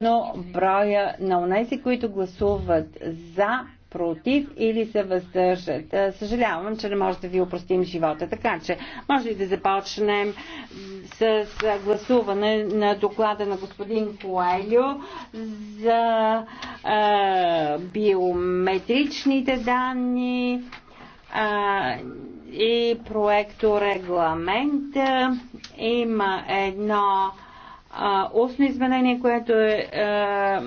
но броя на унези, които гласуват за, против или се въздържат. Е, съжалявам, че не може да ви опростим живота. Така че, може ли да започнем с гласуване на доклада на господин Коелю за е, биометричните данни е, и проекторегламента Има едно а, устно изменение, което е е,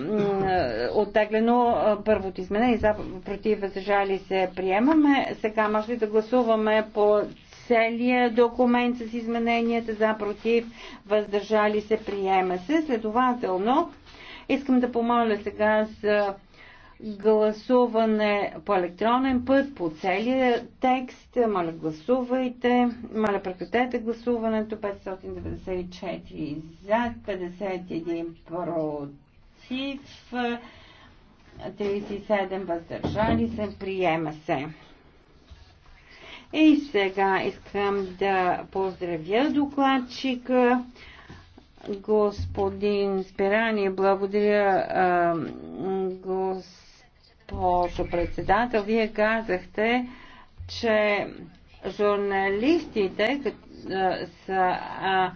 оттеглено първото изменение, за, против въздържали се приемаме. Сега може ли да гласуваме по целия документ с измененията за против въздържали се приема се. Следователно, искам да помоля сега за гласуване по електронен път, по целия текст. Моля, гласувайте. Моля, прекратете гласуването. 594 за, 51 против, 37 въздържали се. Приема се. И сега искам да поздравя докладчика господин Спирани. Благодаря госпожо председател. Вие казахте, че журналистите са а,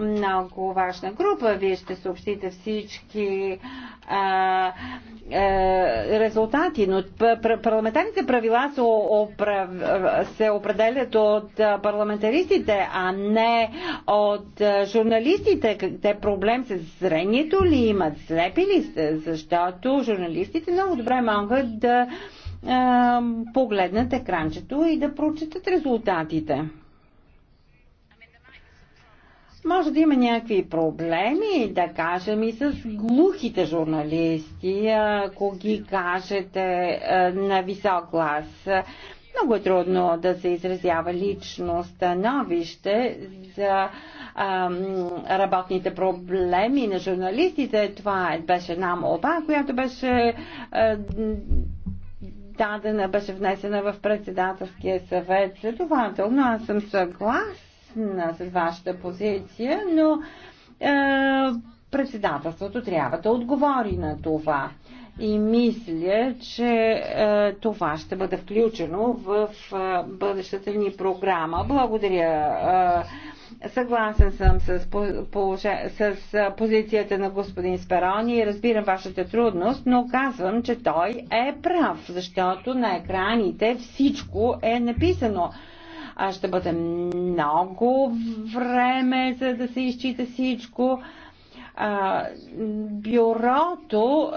много важна група. Вие ще съобщите всички а, а, е, резултати, но парламентарните правила се, оправ... се определят от парламентаристите, а не от журналистите. Те проблем с зрението ли имат? Слепи ли сте? Защото журналистите много добре могат да погледнат екранчето и да прочитат резултатите. Може да има някакви проблеми, да кажем, и с глухите журналисти, ако ги кажете е, на висок глас. Много е трудно да се изразява лично становище за ам, работните проблеми на журналистите. Това е, беше една молба, която беше а, е, дадена, беше внесена в председателския съвет. Следователно, аз съм съгласен съгласна с вашата позиция, но е, председателството трябва да отговори на това. И мисля, че е, това ще бъде включено в е, бъдещата ни програма. Благодаря. Е, съгласен съм с, по, по, с е, позицията на господин Сперони и разбирам вашата трудност, но казвам, че той е прав, защото на екраните всичко е написано а ще бъде много време, за да се изчита всичко. А, бюрото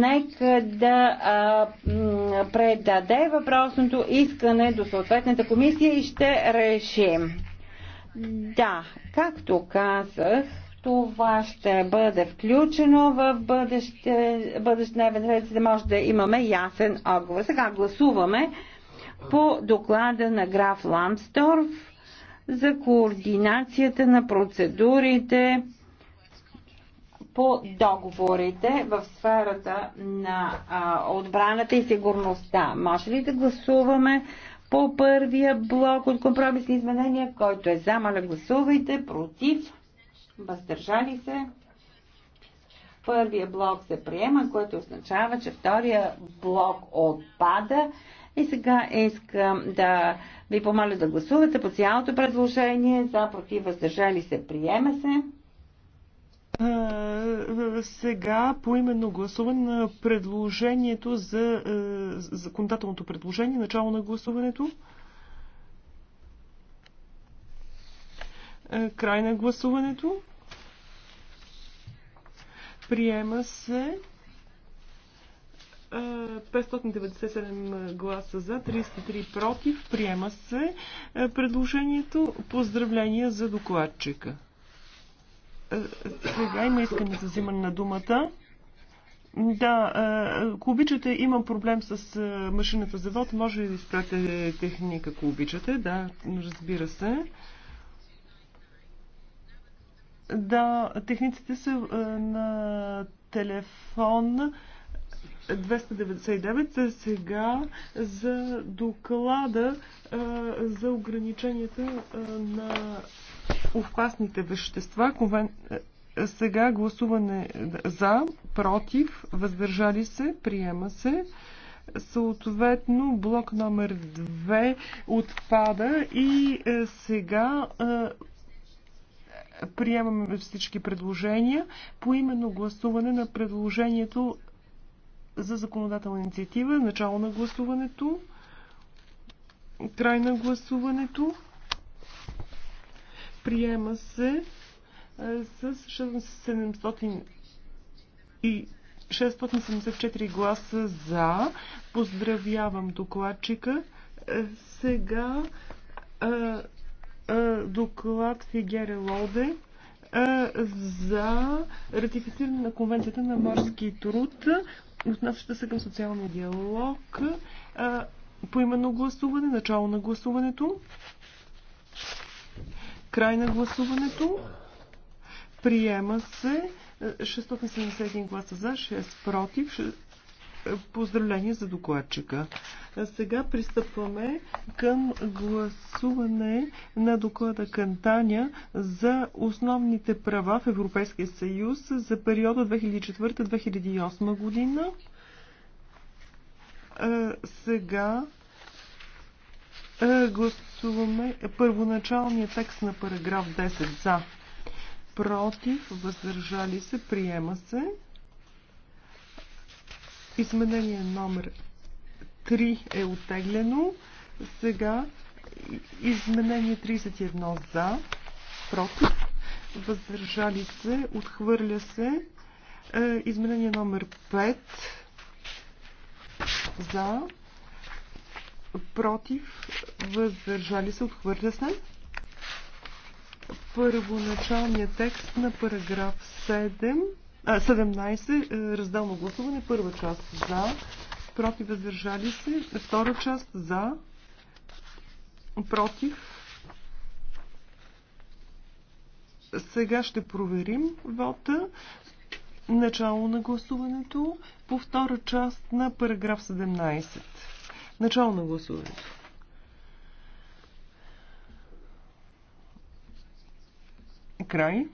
нека да а, предаде въпросното искане до съответната комисия и ще решим. Да, както казах, това ще бъде включено в бъдеще, бъдещ дневен ред, за да може да имаме ясен отговор. Сега гласуваме по доклада на граф Ламсторф за координацията на процедурите по договорите в сферата на а, отбраната и сигурността. Може ли да гласуваме по първия блок от компромисни изменения, който е за, моля гласувайте, против, въздържали се. Първия блок се приема, което означава, че втория блок отпада и сега искам да ви помоля да гласувате по цялото предложение за против въздържали се приема се. Сега по именно гласуване на предложението за законодателното предложение, начало на гласуването. Край на гласуването. Приема се. 597 гласа за, 33 против. Приема се предложението. Поздравления за докладчика. Сега има искане за взимане на думата. Да, ако обичате, имам проблем с машината за вод. Може ли да изпратите техника, ако обичате? Да, разбира се. Да, техниците са на телефон 299 е сега за доклада е, за ограниченията е, на опасните вещества. Сега гласуване за, против, въздържали се, приема се. Съответно, блок номер 2 отпада и сега приемаме всички предложения по именно гласуване на предложението за законодателна инициатива. Начало на гласуването. Край на гласуването. Приема се е, с 700 и 674 гласа за. Поздравявам докладчика. Е, сега а, е, а, доклад Фигере Лоде за ратифициране на конвенцията на морски труд отнасяща се към социалния диалог. По именно гласуване, начало на гласуването, край на гласуването, приема се 671 гласа за, 6 против, Поздравление за докладчика. А сега пристъпваме към гласуване на доклада Кантаня за основните права в Европейския съюз за периода 2004-2008 година. А, сега гласуваме първоначалния текст на параграф 10 за. Против, въздържали се, приема се. Изменение номер 3 е оттеглено. Сега изменение 31 за, против, въздържали се, отхвърля се. Е, изменение номер 5 за, против, въздържали се, отхвърля се. Първоначалният текст на параграф 7 17. Е, разделно гласуване. Първа част за. Против въздържали се. Втора част за. Против. Сега ще проверим вота. Начало на гласуването по втора част на параграф 17. Начало на гласуването. Край.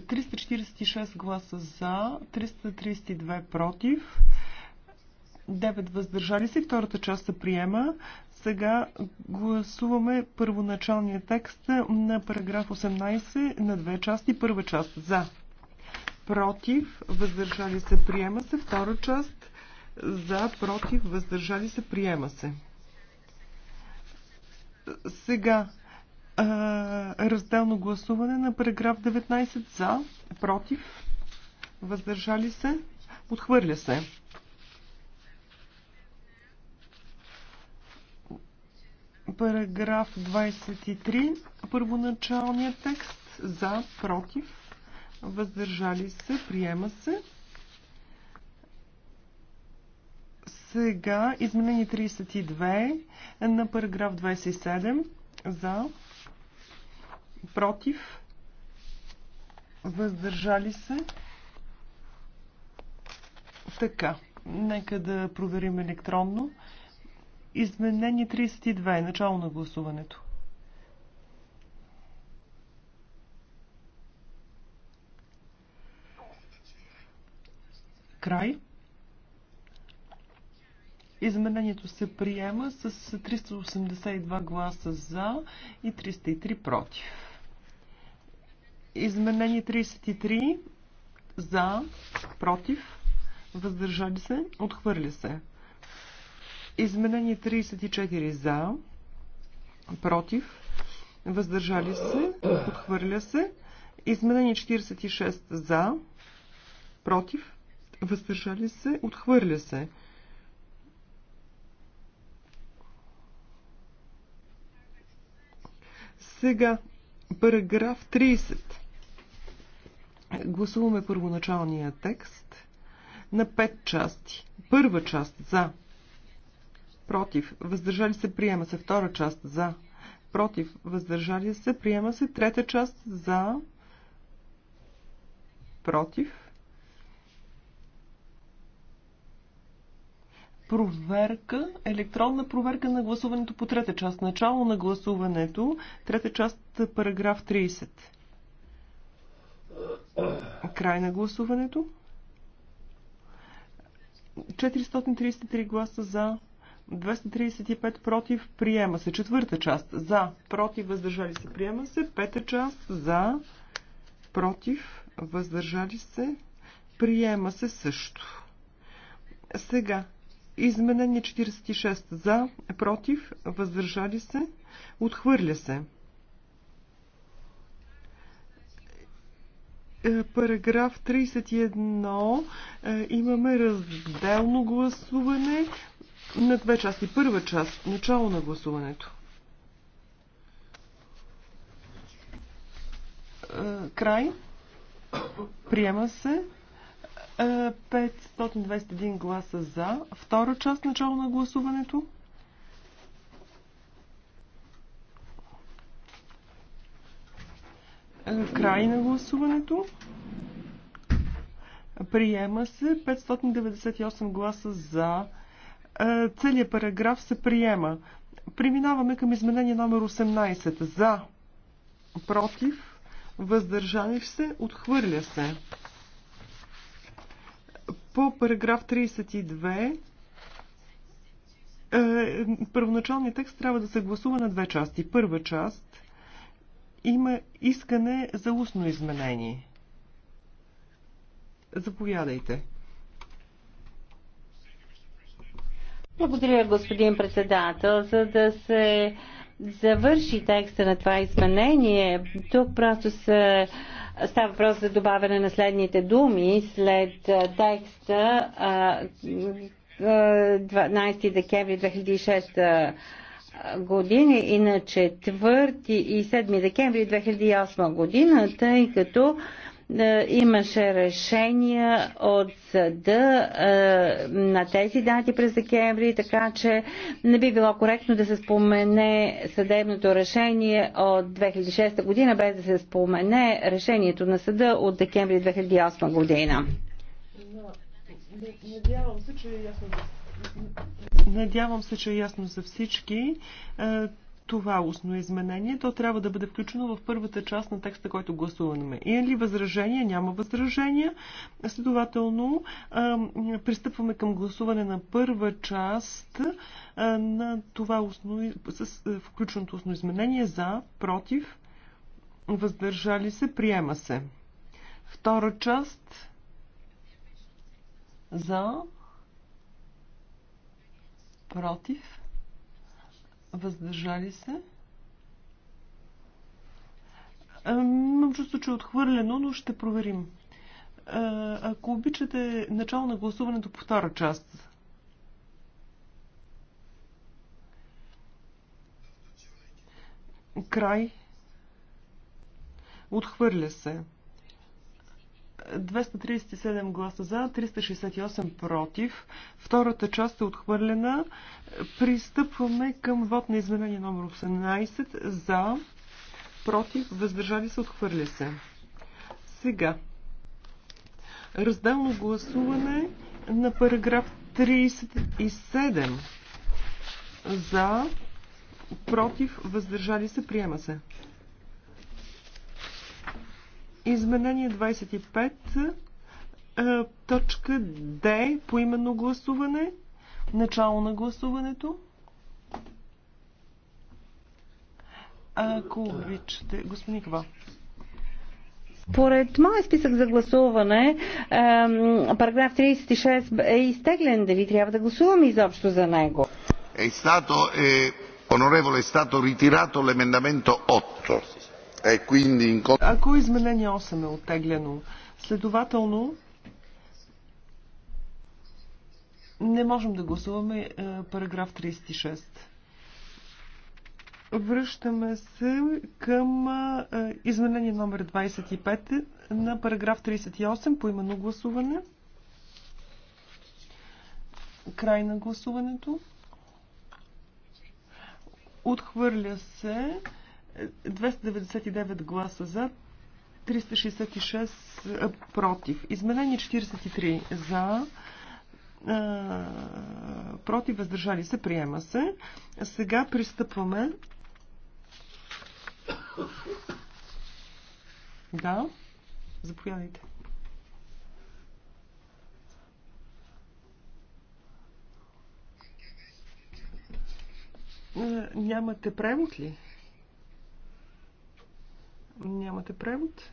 346 гласа за, 332 против, 9 въздържали се. Втората част се приема. Сега гласуваме първоначалния текст на параграф 18 на две части. Първа част за, против, въздържали се, приема се. Втора част за, против, въздържали се, приема се. Сега разделно гласуване на параграф 19 за, против, въздържали се, отхвърля се. Параграф 23, първоначалният текст за, против, въздържали се, приема се. Сега изменение 32 на параграф 27 за, против, въздържали се. Така, нека да проверим електронно. Изменение 32 е начало на гласуването. Край. Изменението се приема с 382 гласа за и 303 против. Изменение 33 за, против, въздържали се, отхвърля се. Изменение 34 за, против, въздържали се, отхвърля се. Изменение 46 за, против, въздържали се, отхвърля се. Сега, параграф 30. Гласуваме първоначалния текст на пет части. Първа част за. Против. Въздържали се. Приема се. Втора част за. Против. Въздържали се. Приема се. Трета част за. Против. Проверка, електронна проверка на гласуването по трета част. Начало на гласуването, трета част, параграф 30. Край на гласуването. 433 гласа за, 235 против, приема се. Четвърта част за, против, въздържали се, приема се. Пета част за, против, въздържали се, приема се също. Сега, изменение 46 за, против, въздържали се, отхвърля се. Е, параграф 31 е, имаме разделно гласуване на две части. Първа част, начало на гласуването. Е, край. Приема се. 521 гласа за. Втора част, начало на гласуването. Край на гласуването. Приема се 598 гласа за. Е, целият параграф се приема. Преминаваме към изменение номер 18. За, против, въздържали се, отхвърля се. По параграф 32 е, първоначалният текст трябва да се гласува на две части. Първа част има искане за устно изменение. Заповядайте. Благодаря, господин председател, за да се завърши текста на това изменение. Тук просто се става въпрос за добавяне на следните думи след текста 12 декември 2006 години и на 4 и 7 декември 2008 година, тъй като е, имаше решения от съда е, на тези дати през декември, така че не би било коректно да се спомене съдебното решение от 2006 година, без да се спомене решението на съда от декември 2008 година. Надявам се, че е ясно да Надявам се, че е ясно за всички е, това устно изменение, то трябва да бъде включено в първата част на текста, който гласуваме. Има ли възражение? Няма възражения. Следователно, е, пристъпваме към гласуване на първа част е, на това устно, с включеното устно изменение за, против, въздържали се, приема се. Втора част за, против, въздържали се. Е, имам чувство, че е отхвърлено, но ще проверим. Е, ако обичате начало на гласуването по втора част. Край. Отхвърля се. 237 гласа за, 368 против. Втората част е отхвърлена. Пристъпваме към вод на изменение номер 18 за, против, въздържали се, отхвърля се. Сега. Разделно гласуване на параграф 37 за, против, въздържали се, приема се. Изменение 25, точка Д, поименно гласуване, начало на гласуването. Ако обичате, господин Ква. Поред моят списък за гласуване, параграф 36 е изтеглен. Дали трябва да гласуваме изобщо за него? Е стато, е, onorevole, е стато ritirato лемендаменто 8. Е, Ако изменение 8 е оттеглено, следователно не можем да гласуваме е, параграф 36. Връщаме се към е, изменение номер 25 на параграф 38 по именно гласуване. Край на гласуването. Отхвърля се. 299 гласа за, 366 против. Изменение 43 за, против, въздържали се, приема се. Сега пристъпваме. Да, заповядайте. Е, нямате превод ли? Нямате превод.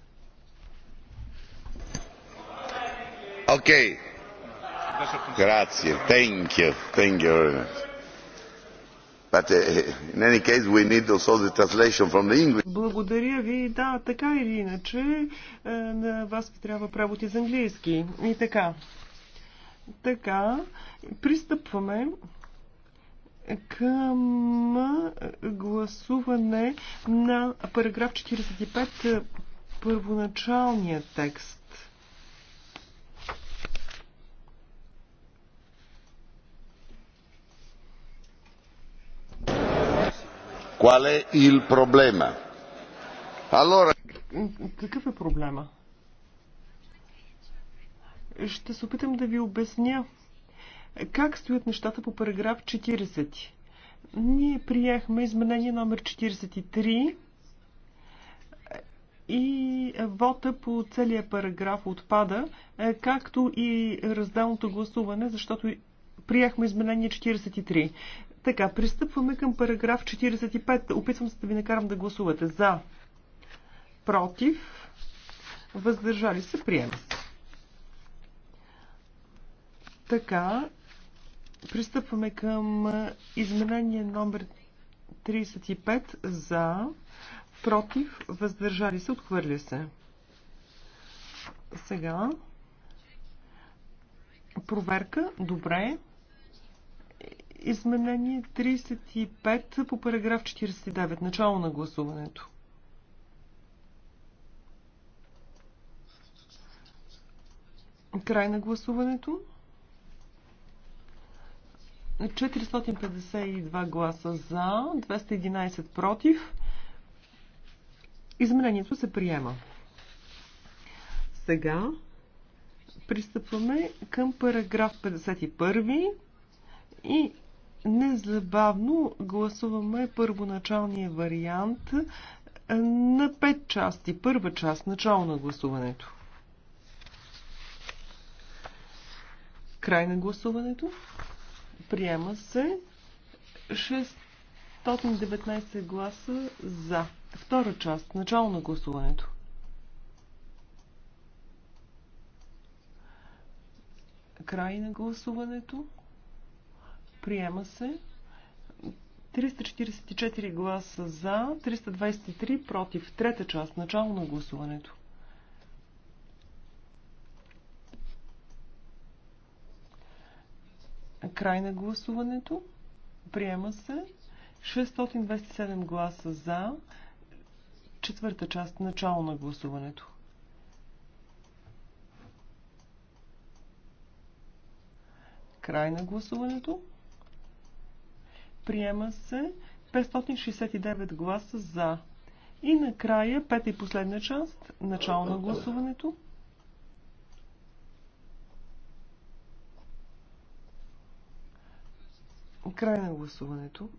Окей. Грация. thank you, thank you very much. But uh, in any case we need also the translation from the English. Благодаря ви, да, така или иначе, е, на вас ви трябва превод из английски. И така. Така, пристъпваме към гласуване на параграф 45, първоначалния текст. Qual è il problema? Allora... Какъв е проблема? Ще се опитам да ви обясня. Как стоят нещата по параграф 40? Ние приехме изменение номер 43 и вота по целия параграф отпада, е, както и разделното гласуване, защото приехме изменение 43. Така, пристъпваме към параграф 45. Опитвам се да ви накарам да гласувате за, против, въздържали се, приема се. Така, Пристъпваме към изменение номер 35 за, против, въздържали се, отхвърля се. Сега проверка, добре. Изменение 35 по параграф 49, начало на гласуването. Край на гласуването. 452 гласа за, 211 против. Изменението се приема. Сега пристъпваме към параграф 51 и незабавно гласуваме първоначалния вариант на 5 части. Първа част, начало на гласуването. Край на гласуването. Приема се 619 гласа за. Втора част. Начало на гласуването. Край на гласуването. Приема се 344 гласа за, 323 против. Трета част. Начало на гласуването. Край на гласуването. Приема се. 627 гласа за. Четвърта част. Начало на гласуването. Край на гласуването. Приема се 569 гласа за. И накрая, пета и последна част, начало на гласуването. Край на гласуването.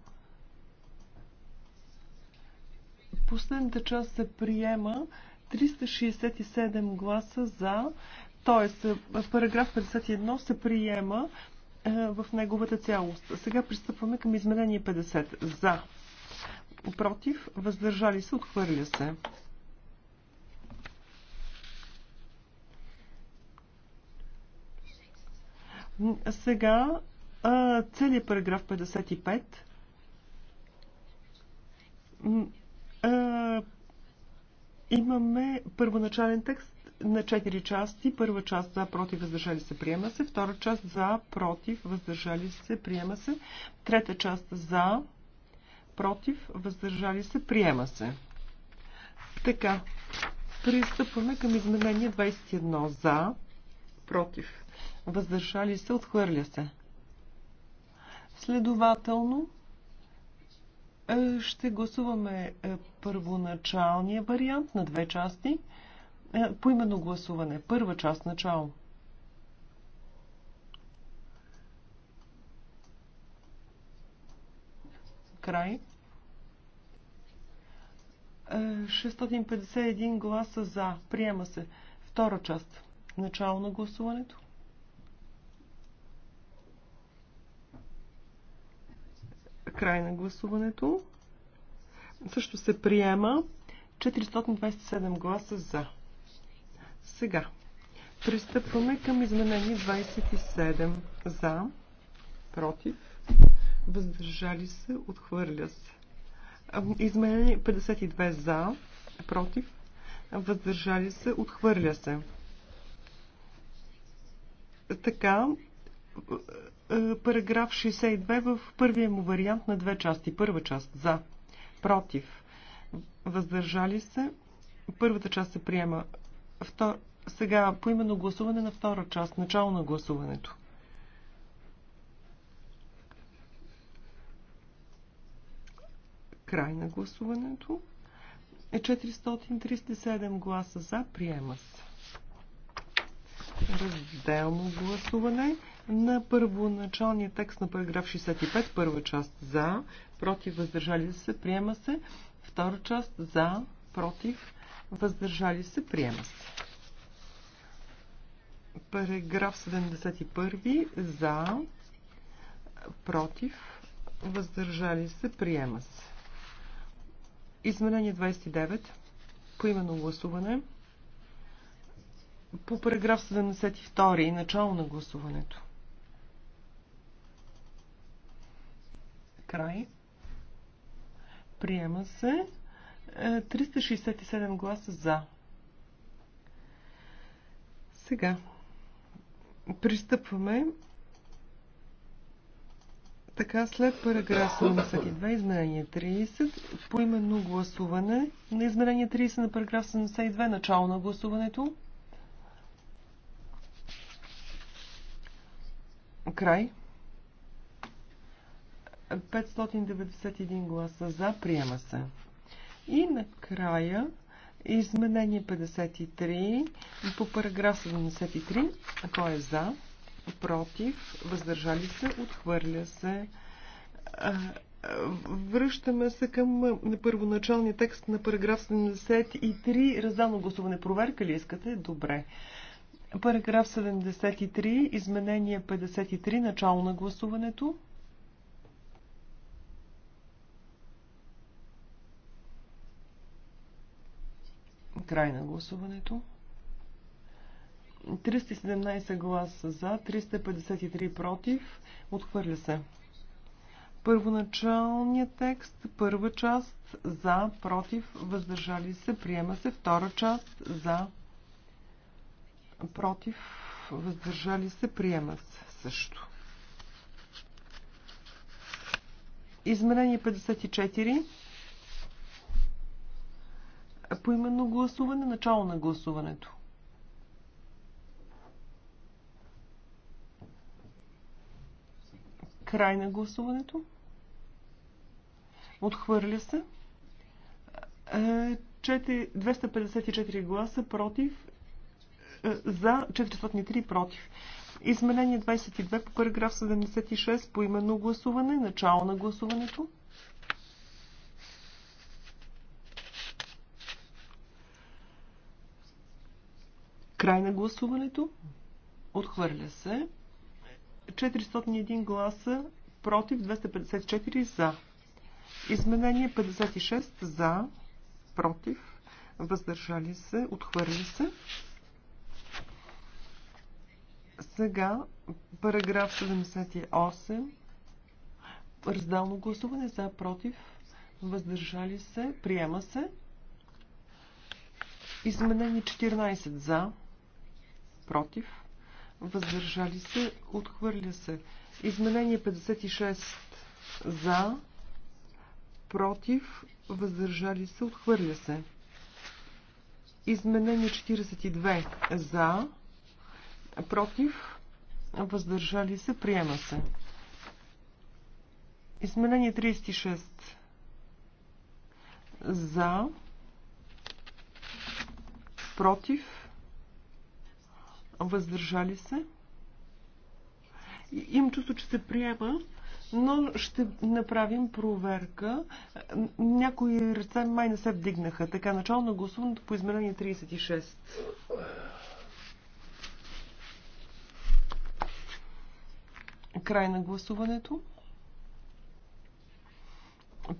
Последната част се приема 367 гласа за, т.е. параграф 51 се приема е, в неговата цялост. Сега пристъпваме към изменение 50. За. Против. Въздържали се. Отхвърля се. Сега целият параграф 55 имаме първоначален текст на 4 части. Първа част за, против, въздържали се, приема се. Втора част за, против, въздържали се, приема се. Трета част за, против, въздържали се, приема се. Така, пристъпваме към изменение 21 за, против, въздържали се, отхвърля се. Следователно, е, ще гласуваме е, първоначалния вариант на две части. Е, по именно гласуване. Първа част начало. Край. 651 гласа за. Приема се. Втора част. Начало на гласуването. Край на гласуването. Също се приема 427 гласа за. Сега. Пристъпваме към изменение 27 за, против, въздържали се, отхвърля се. Изменение 52 за, против, въздържали се, отхвърля се. Така, е, параграф 62 в първия му вариант на две части. Първа част за, против, въздържали се. Първата част се приема. Втор... Сега поименно гласуване на втора част, начало на гласуването. Край на гласуването. Е 437 гласа за, приема се. Разделно гласуване на първоначалния текст на параграф 65, първа част за, против, въздържали се, приема се, втора част за, против, въздържали се, приема се. Параграф 71 за, против, въздържали се, приема се. Изменение 29, поименно гласуване. По параграф 72 начало на гласуването. Край. Приема се. 367 е, гласа за. Сега. Пристъпваме. Така, след параграф 72, изменение 30, поименно гласуване на изменение 30 на параграф 72, начало на гласуването. Край. 591 гласа за, приема се. И накрая изменение 53 по параграф 73, кой е за, против, въздържали се, отхвърля се. Връщаме се към първоначалния текст на параграф 73. Раздално гласуване. Проверка ли искате? Добре. Параграф 73, изменение 53, начало на гласуването. Край на гласуването. 317 гласа за, 353 против. Отхвърля се. Първоначалният текст, първа част, за, против, въздържали се, приема се. Втора част, за, против, въздържали се, приема се също. Изменение 54 поименно гласуване, начало на гласуването. Край на гласуването. Отхвърля се. 254 е, гласа против, е, за 403 против. Изменение 22 по параграф 76 по именно гласуване, начало на гласуването. Край на гласуването. Отхвърля се. 401 гласа против, 254 за. Изменение 56 за, против, въздържали се, отхвърли се. Сега параграф 78. Раздално гласуване за, против, въздържали се, приема се. Изменение 14 за, против, въздържали се, отхвърля се. Изменение 56 за, против, въздържали се, отхвърля се. Изменение 42 за, против, въздържали се, приема се. Изменение 36 за, против, въздържали се. Им чувство, че се приема, но ще направим проверка. Някои ръце май не се вдигнаха. Така, начало на гласуването по измерение 36. Край на гласуването.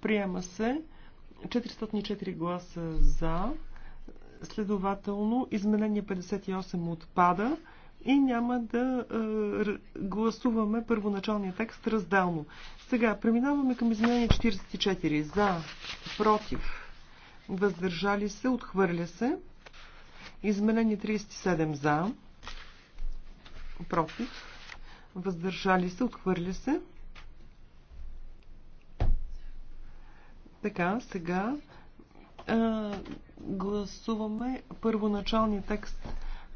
Приема се 404 гласа за. Следователно, изменение 58 отпада и няма да е, гласуваме първоначалния текст разделно. Сега преминаваме към изменение 44. За, против, въздържали се, отхвърля се. Изменение 37 за, против, въздържали се, отхвърля се. Така, сега е, гласуваме първоначалния текст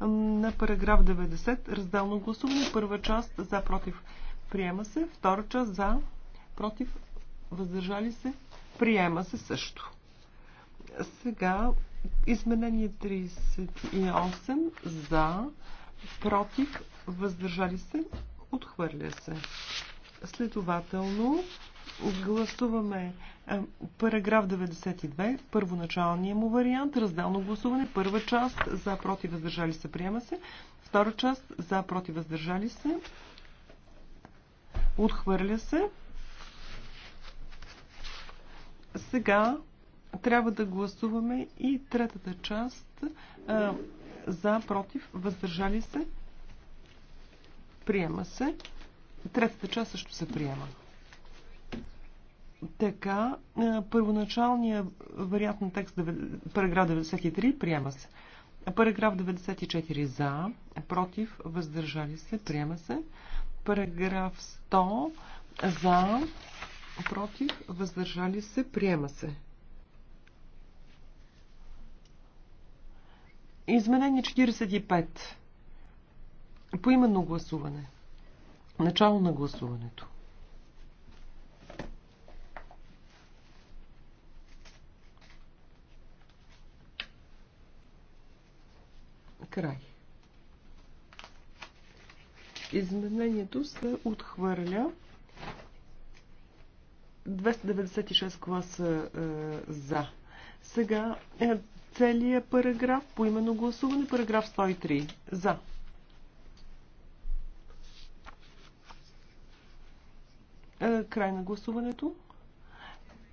на параграф 90. Разделно гласуване. Първа част за против. Приема се. Втора част за против. Въздържали се. Приема се също. Сега изменение 38 за против. Въздържали се. Отхвърля се. Следователно Гласуваме параграф 92, първоначалния му вариант, разделно гласуване, първа част, за, против, въздържали се, приема се, втора част, за, против, въздържали се, отхвърля се. Сега трябва да гласуваме и третата част, за, против, въздържали се, приема се. Третата част също се приема. Така, е, първоначалният вариант на текст, параграф 93, приема се. Параграф 94 за, против, въздържали се, приема се. Параграф 100 за, против, въздържали се, приема се. Изменение 45. Поименно гласуване. Начало на гласуването. Край. Изменението се отхвърля 296 гласа е, за. Сега е, целият параграф по именно гласуване, параграф 103. За. Е, край на гласуването.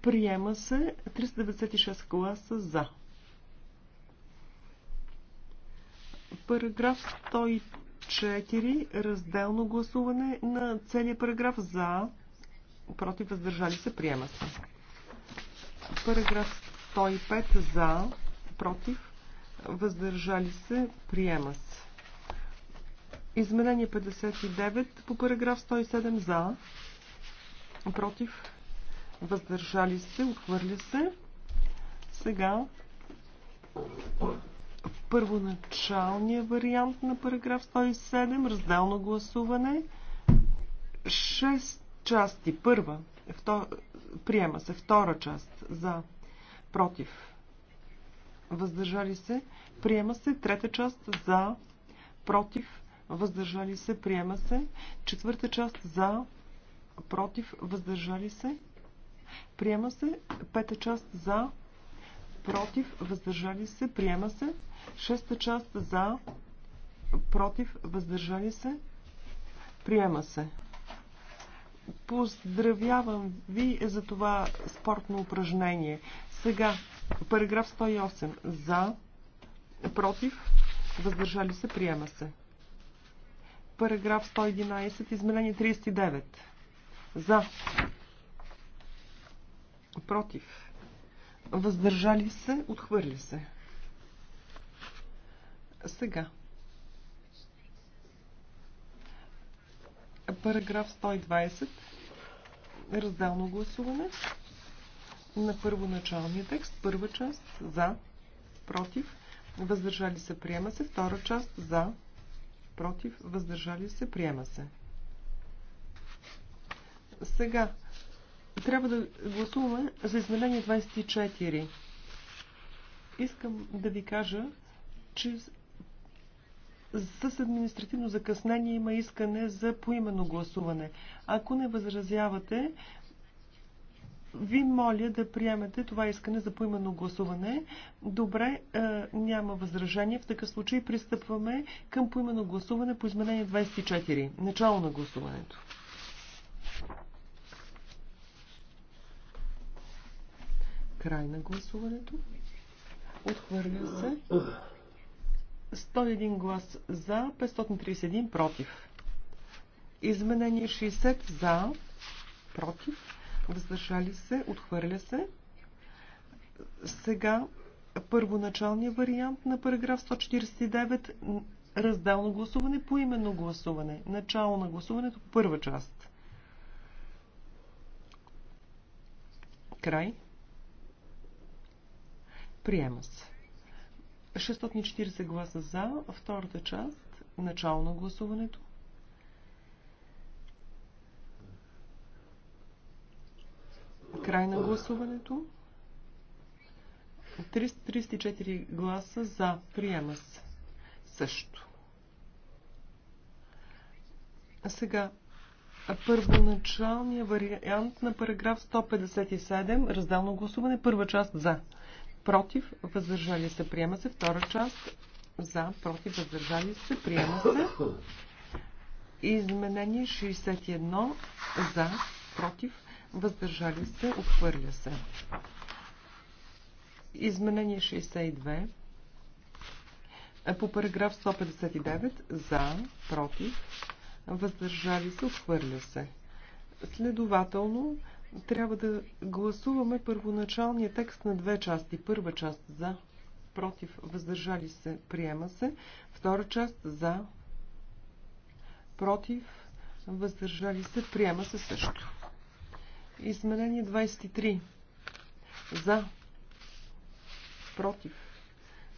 Приема се 396 гласа за. Параграф 104. Разделно гласуване на целият параграф за. Против въздържали се. Приема се. Параграф 105 за. Против. Въздържали се. Приема се. Изменение 59 по параграф 107 за. Против. Въздържали се. Отхвърля се. Сега първоначалния вариант на параграф 107, разделно гласуване. 6 части. Първа. Втор... Приема се. Втора част. За. Против. Въздържали се. Приема се. Трета част. За. Против. Въздържали се. Приема се. Четвърта част. За. Против. Въздържали се. Приема се. Пета част. За против, въздържали се, приема се. Шеста част за, против, въздържали се, приема се. Поздравявам ви за това спортно упражнение. Сега, параграф 108. За, против, въздържали се, приема се. Параграф 111, изменение 39. За, против, Въздържали се, отхвърли се. Сега. Параграф 120. Разделно гласуване. На първоначалния текст. Първа част за, против, въздържали се, приема се. Втора част за, против, въздържали се, приема се. Сега трябва да гласуваме за изменение 24. Искам да ви кажа, че с административно закъснение има искане за поименно гласуване. Ако не възразявате, ви моля да приемете това искане за поименно гласуване. Добре, е, няма възражение. В такъв случай пристъпваме към поименно гласуване по изменение 24. Начало на гласуването. Край на гласуването. Отхвърля се. 101 глас за, 531 против. Изменение 60 за, против, въздържали се, отхвърля се. Сега първоначалният вариант на параграф 149 разделно гласуване, по именно гласуване. Начало на гласуването, първа част. Край. Приема се. 640 гласа за, втората част, начало на гласуването. Край на гласуването. 34 гласа за, приема се. Също. А сега, първоначалния вариант на параграф 157, разделно гласуване, първа част за, против, въздържали се, приема се. Втора част за, против, въздържали се, приема се. Изменение 61 за, против, въздържали се, отхвърля се. Изменение 62 по параграф 159 за, против, въздържали се, отхвърля се. Следователно, трябва да гласуваме първоначалния текст на две части. Първа част за, против, въздържали се, приема се. Втора част за, против, въздържали се, приема се също. Изменение 23. За, против,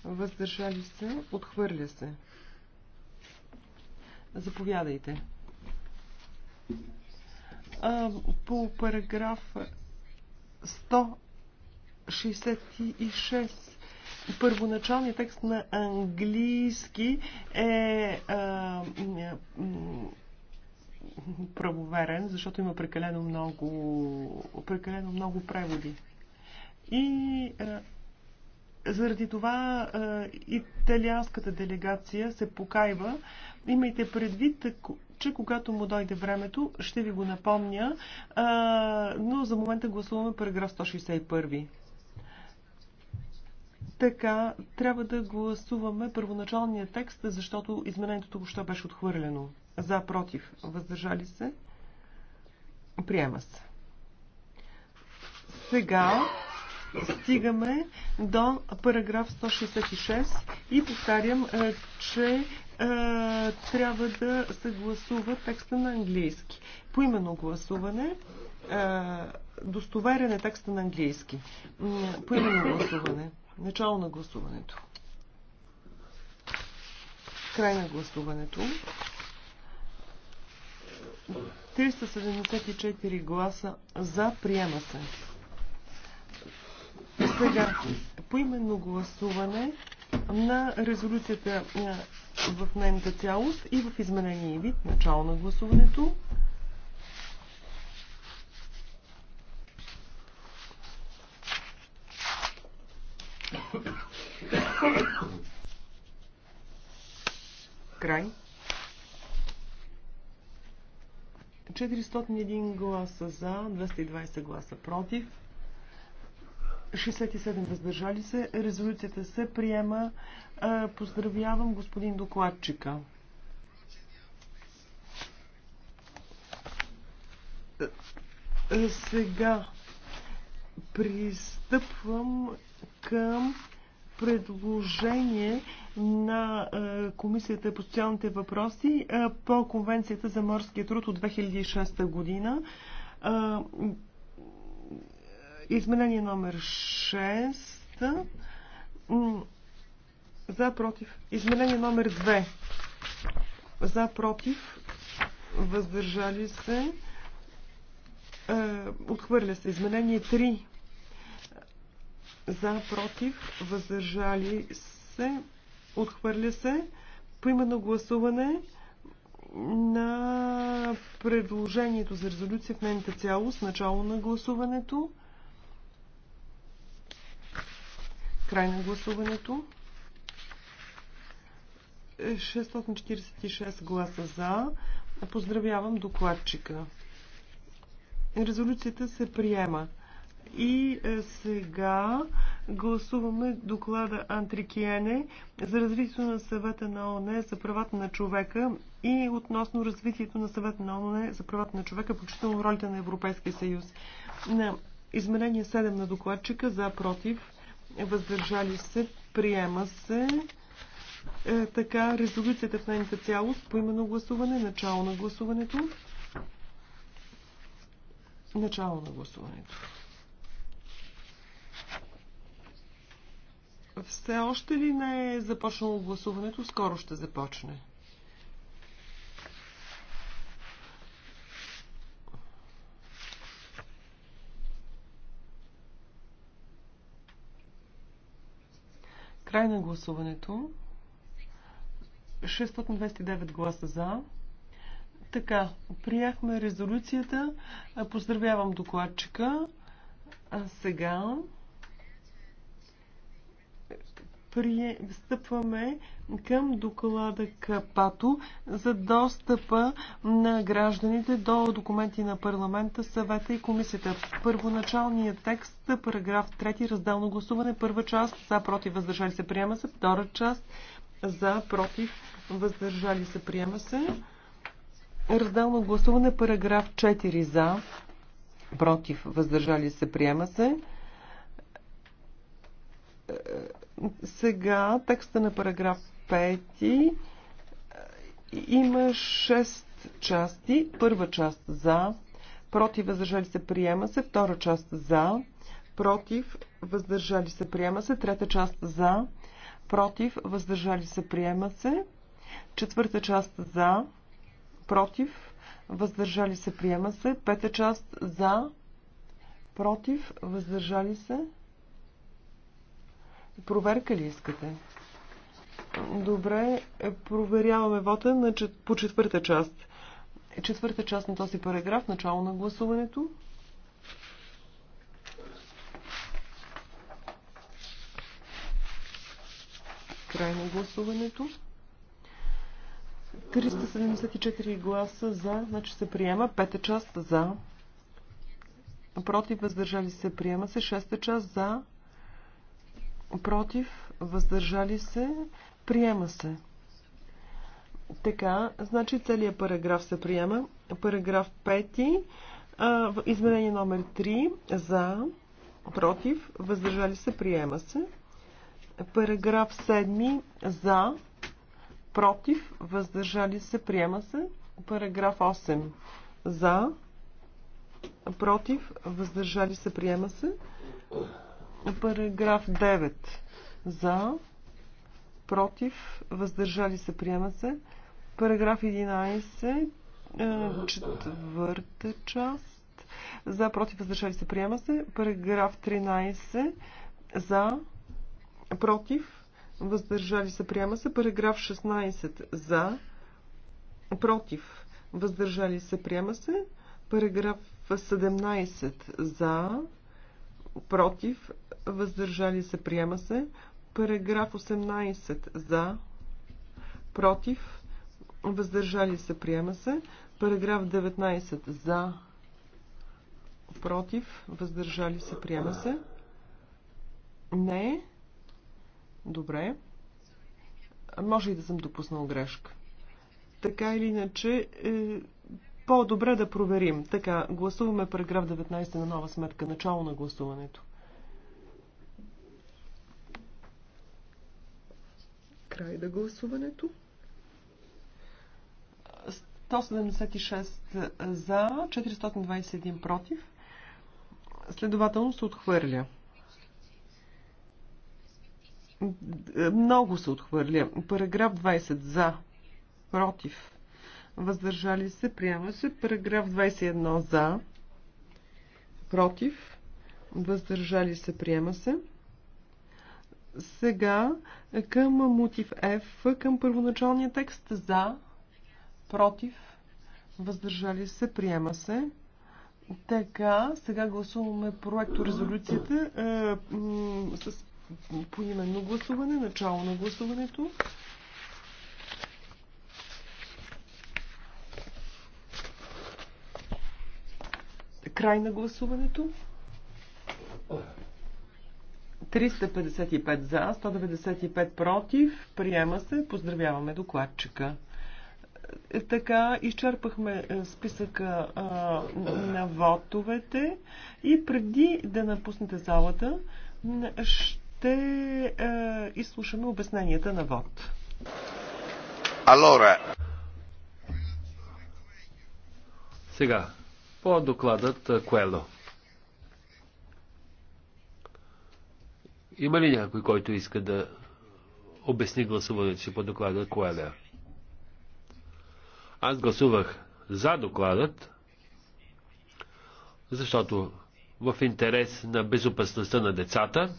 въздържали се, отхвърля се. Заповядайте по параграф 166 първоначалният текст на английски е а, правоверен, защото има прекалено много, прекалено много преводи. И а, заради това а, италианската делегация се покайва. Имайте предвид, че когато му дойде времето, ще ви го напомня, но за момента гласуваме параграф 161. Така, трябва да гласуваме първоначалния текст, защото изменението току беше отхвърлено. За, против, въздържали се. Приема се. Сега стигаме до параграф 166 и повтарям, че трябва да се гласува текста на английски. По именно гласуване, достоверен е текста на английски. По именно гласуване, начало на гласуването. Край на гласуването. 374 гласа за приема се. Сега, поименно гласуване на резолюцията в нейната цялост и в изменение и вид. Начало на гласуването. Край. 401 гласа за, 220 гласа против. 67 въздържали се. Резолюцията се приема. Поздравявам господин докладчика. Сега пристъпвам към предложение на Комисията по социалните въпроси по Конвенцията за морския труд от 2006 година Изменение номер 6. За, против. Изменение номер 2. За, против. Въздържали се. Е, отхвърля се. Изменение 3. За, против. Въздържали се. Отхвърля се. Поименно гласуване на предложението за резолюция в нейната цялост, начало на гласуването. Край на гласуването. 646 е, гласа за. Поздравявам докладчика. Резолюцията се приема. И е, сега гласуваме доклада Антрикиене за развитието на съвета на ООН за правата на човека и относно развитието на съвета на ООН за правата на човека, включително ролите на Европейския съюз. На изменение 7 на докладчика за против въздържали се, приема се. Е, така, резолюцията в нейната цялост, по именно гласуване, начало на гласуването. Начало на гласуването. Все още ли не е започнало гласуването? Скоро ще започне. Край на гласуването. 629 гласа за. Така, прияхме резолюцията. Поздравявам докладчика. А сега пристъпваме към доклада Капато за достъпа на гражданите до документи на парламента, съвета и комисията. Първоначалният текст, параграф 3, разделно гласуване, първа част, за, против, въздържали се, приема се, втора част, за, против, въздържали се, приема се. Разделно гласуване, параграф 4, за, против, въздържали се, приема се сега текста на параграф 5 има 6 части. Първа част за, против въздържали се приема се, втора част за, против въздържали се приема се, трета част за, против въздържали се приема се, четвърта част за, против въздържали се приема се, пета част за, против въздържали се Проверка ли искате? Добре, проверяваме вота на, по четвърта част. Четвърта част на този параграф, начало на гласуването. Край на гласуването. 374 гласа за, значи се приема. Пета част за. Против въздържали се приема се. Шеста част за против, въздържали се, приема се. Така, значи целият параграф се приема. Параграф 5, изменение номер 3, за, против, въздържали се, приема се. Параграф 7, за, против, въздържали се, приема се. Параграф 8, за, против, въздържали се, приема се. Параграф 9. За, против, въздържали се, приема се. Параграф 11, е, четвърта част. За, против, въздържали се, приема се. Параграф 13. За, против, въздържали се, приема се. Параграф 16. За, против, въздържали се, приема се. Параграф 17. За, против, въздържали се, приема се. Параграф 18 за, против, въздържали се, приема се. Параграф 19 за, против, въздържали се, приема се. Не. Добре. Може и да съм допуснал грешка. Така или иначе, е, по-добре да проверим. Така, гласуваме параграф 19 на нова сметка. Начало на гласуването. Край на гласуването. 176 за, 421 против. Следователно се отхвърля. Много се отхвърля. Параграф 20 за, против, въздържали се, приема се. Параграф 21 за, против, въздържали се, приема се. Сега към мотив F, към първоначалния текст за, против, въздържали се, приема се. Така, сега гласуваме проекто резолюцията е, с поименно гласуване, начало на гласуването. Край на гласуването. 355 за, 195 против. Приема се. Поздравяваме докладчика. Е, така, изчерпахме е, списъка а, на вотовете и преди да напуснете залата, ще а, е, изслушаме обясненията на вод. Алора. Сега, е докладът Куело. Има ли някой, който иска да обясни гласуването си по доклада Куело? Аз гласувах за докладът, защото в интерес на безопасността на децата,